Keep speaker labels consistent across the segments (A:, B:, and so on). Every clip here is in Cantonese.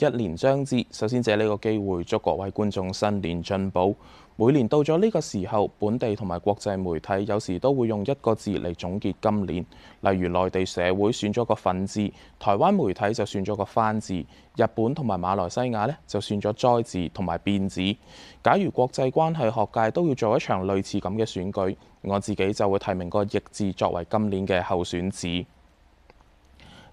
A: 一年將至，首先借呢個機會，祝各位觀眾新年進步。每年到咗呢個時候，本地同埋國際媒體有時都會用一個字嚟總結今年，例如內地社會選咗個憤字，台灣媒體就選咗個翻字，日本同埋馬來西亞呢就選咗災字同埋變字。假如國際關係學界都要做一場類似咁嘅選舉，我自己就會提名個易字作為今年嘅候選字。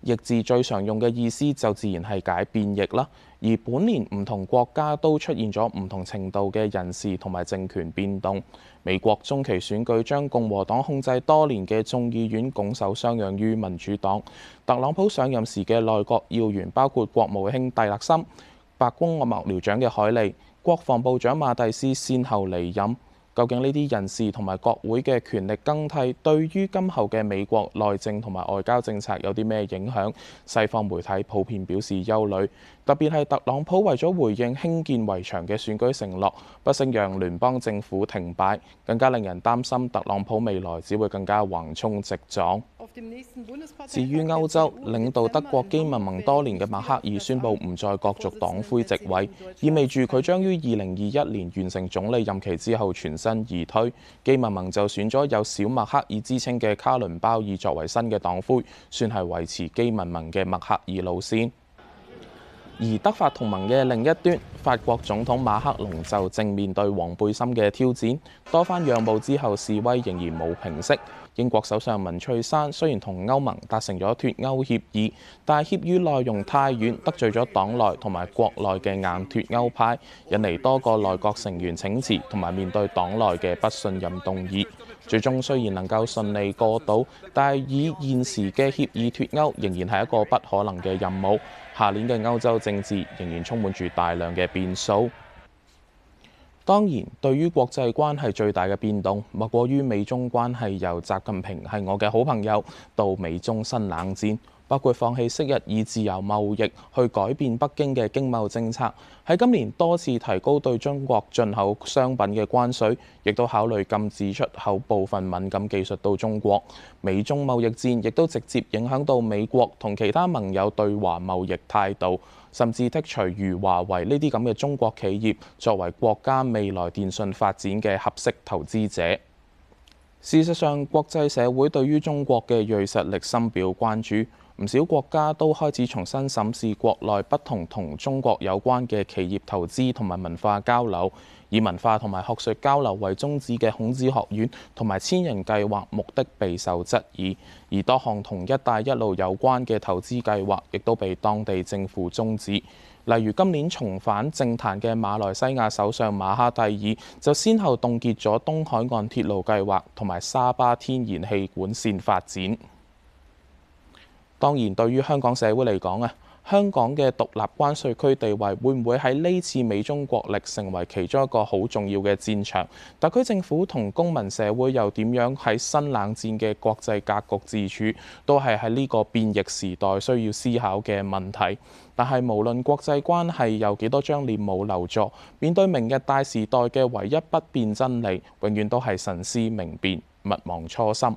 A: 易字最常用嘅意思就自然係解變易啦。而本年唔同國家都出現咗唔同程度嘅人事同埋政權變動。美國中期選舉將共和黨控制多年嘅眾議院拱手相讓於民主黨。特朗普上任時嘅內閣要員，包括國務卿蒂勒森、白宮嘅幕僚長嘅凱利、國防部長馬蒂斯，先後離任。究竟呢啲人士同埋國會嘅權力更替，對於今後嘅美國內政同埋外交政策有啲咩影響？西方媒體普遍表示憂慮，特別係特朗普為咗回應興建圍牆嘅選舉承諾，不勝讓聯邦政府停擺，更加令人擔心特朗普未來只會更加橫衝直撞。至於歐洲，領導德國基民盟多年嘅默克爾宣布唔再角逐黨魁席位，意味住佢將於二零二一年完成總理任期之後全身而退。基民盟就選咗有小默克爾之稱嘅卡倫鮑爾作為新嘅黨魁，算係維持基民盟嘅默克爾路線。而德法同盟嘅另一端，法國總統馬克龍就正面對黃背心嘅挑戰。多番讓步之後，示威仍然冇平息。英國首相文翠珊雖然同歐盟達成咗脱歐協議，但係協議內容太遠，得罪咗黨內同埋國內嘅硬脱歐派，引嚟多個內閣成員請辭同埋面對黨內嘅不信任動議。最終雖然能夠順利過渡，但係以現時嘅協議脱歐，仍然係一個不可能嘅任務。下年嘅歐洲政治仍然充滿住大量嘅變數。當然，對於國際關係最大嘅變動，莫過於美中關係由習近平係我嘅好朋友，到美中新冷戰。包括放棄昔日以自由貿易去改變北京嘅經貿政策，喺今年多次提高對中國進口商品嘅關稅，亦都考慮禁止出口部分敏感技術到中國。美中貿易戰亦都直接影響到美國同其他盟友對華貿易態度，甚至剔除如華為呢啲咁嘅中國企業作為國家未來電信發展嘅合適投資者。事實上，國際社會對於中國嘅銳實力深表關注。唔少國家都開始重新審視國內不同同中國有關嘅企業投資同埋文化交流，以文化同埋學術交流為宗旨嘅孔子學院同埋千人計劃目的備受質疑，而多項同「一帶一路」有關嘅投資計劃亦都被當地政府終止。例如今年重返政壇嘅馬來西亞首相馬哈蒂爾就先後凍結咗東海岸鐵路計劃同埋沙巴天然氣管線發展。當然，對於香港社會嚟講啊，香港嘅獨立關稅區地位會唔會喺呢次美中國力成為其中一個好重要嘅戰場？特區政府同公民社會又點樣喺新冷戰嘅國際格局自處，都係喺呢個變易時代需要思考嘅問題。但係無論國際關係有幾多張臉冇留作，面對明日大時代嘅唯一不變真理，永遠都係慎思明辨，勿忘初心。